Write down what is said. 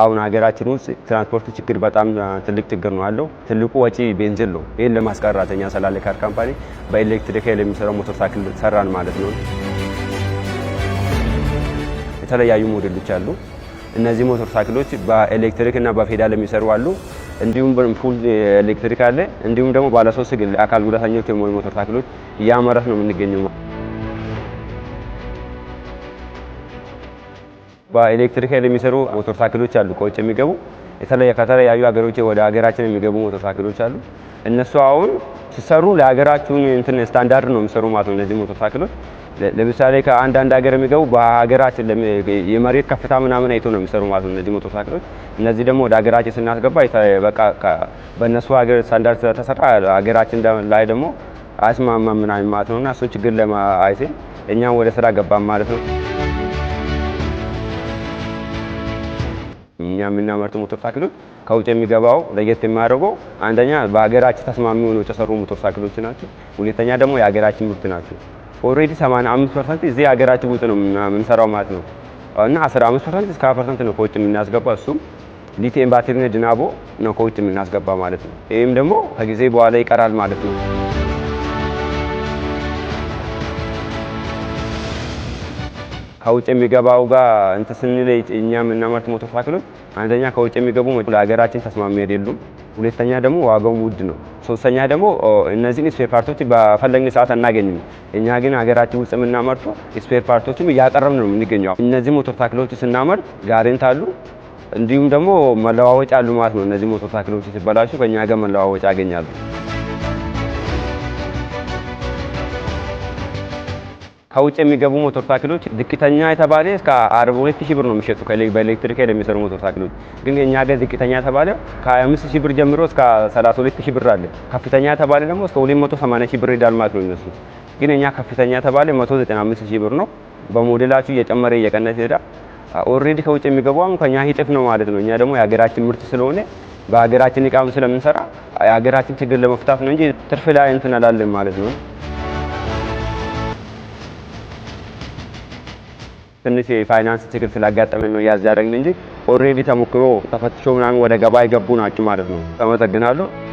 አሁን ሀገራችን ውስጥ ትራንስፖርት ችግር በጣም ትልቅ ችግር ነው ያለው። ትልቁ ወጪ ቤንዚን ነው። ይህን ለማስቀራት እኛ ሰላሌ ካር ካምፓኒ በኤሌክትሪክ ኃይል የሚሰራው ሞተር ሳይክል ሰራን ማለት ነው። የተለያዩ ሞዴሎች አሉ። እነዚህ ሞተር ሳይክሎች በኤሌክትሪክ እና በፌዳል የሚሰሩ አሉ። እንዲሁም ፉል ኤሌክትሪክ አለ። እንዲሁም ደግሞ ባለሶስት እግር አካል ጉዳተኞች ሞተር ሳይክሎች እያመረት ነው የምንገኘው። በኤሌክትሪክ ኃይል የሚሰሩ ሞተር ሳይክሎች አሉ፣ ከውጭ የሚገቡ የተለየ ከተለያዩ ሀገሮች ወደ ሀገራችን የሚገቡ ሞተር ሳይክሎች አሉ። እነሱ አሁን ሲሰሩ ለሀገራችን እንትን ስታንዳርድ ነው የሚሰሩ ማለት ነው። እነዚህ ሞተር ሳይክሎች ለምሳሌ ከአንዳንድ ሀገር የሚገቡ በሀገራችን የመሬት ከፍታ ምናምን አይቶ ነው የሚሰሩ ማለት ነው። እነዚህ ሞተር ሳይክሎች እነዚህ ደግሞ ወደ ሀገራችን ስናስገባ በቃ በእነሱ ሀገር ስታንዳርድ ስለተሰራ ሀገራችን ላይ ደግሞ አይስማማም ምናምን ማለት እና እሱን ችግር ለማየት እኛም ወደ ስራ ገባም ማለት ነው። እኛ የምናመርቱ ሞቶርሳይክሎች ከውጭ የሚገባው ለየት የሚያደርገው አንደኛ በሀገራችን ተስማሚ ሆኖ የተሰሩ ሞቶርሳይክሎች ናቸው። ሁለተኛ ደግሞ የሀገራችን ምርት ናቸው። ኦልሬዲ 85 ፐርሰንት እዚህ ሀገራችን ውስጥ ነው የምንሰራው ማለት ነው እና 15 ፐርሰንት እስከ 20 ፐርሰንት ነው ከውጭ የምናስገባ እሱም ሊቲየም ባትሪና ድናቦ ነው ከውጭ የምናስገባ ማለት ነው። ይህም ደግሞ ከጊዜ በኋላ ይቀራል ማለት ነው። ከውጭ የሚገባው ጋር እንትን ስንል እኛ የምናመርት ሞተር ሳይክሎች አንደኛ ከውጭ የሚገቡ ለሀገራችን ተስማሚ አይደሉም። ሁለተኛ ደግሞ ዋጋው ውድ ነው። ሶስተኛ ደግሞ እነዚህን ስፔር ፓርቶች በፈለግን ሰዓት አናገኝም። እኛ ግን ሀገራችን ውስጥ የምናመርቱ ስፔር ፓርቶችም እያቀረብ ነው የምንገኘው። እነዚህ ሞተር ሳይክሎች ስናመርት ጋሬንት አሉ፣ እንዲሁም ደግሞ መለዋወጫ አሉ ማለት ነው። እነዚህ ሞተር ሳይክሎች ሲበላሹ ከእኛ ጋር መለዋወጫ ያገኛሉ። ከውጭ የሚገቡ ሞተር ሳይክሎች ዝቅተኛ የተባለ እስከ 42 ሺህ ብር ነው የሚሸጡ በኤሌክትሪክ ኃይል የሚሰሩ ሞተር ሳይክሎች። ግን እኛ ሀገር ዝቅተኛ የተባለ ከ25 ሺህ ብር ጀምሮ እስከ 32 ሺህ ብር አለ። ከፍተኛ የተባለ ደግሞ እስከ 280 ሺህ ብር ሄዳል ማለት ነው እነሱ። ግን እኛ ከፍተኛ የተባለ 195 ሺህ ብር ነው። በሞዴላችሁ እየጨመረ እየቀነሰ ይሄዳል። ኦልሬዲ ከውጭ የሚገባው ከኛ ይጥፍ ነው ማለት ነው። እኛ ደግሞ የሀገራችን ምርት ስለሆነ በሀገራችን እቃም ስለምንሰራ የሀገራችን ችግር ለመፍታት ነው እንጂ ትርፍ ላይ እንትን አላለን ማለት ነው። ትንሽ የፋይናንስ ችግር ስላጋጠመ ነው እያዝ ያደረግን እንጂ ኦልሬዲ ተሞክሮ ተፈትሾ ምናምን ወደ ገባ የገቡ ናቸው ማለት ነው። አመሰግናለሁ።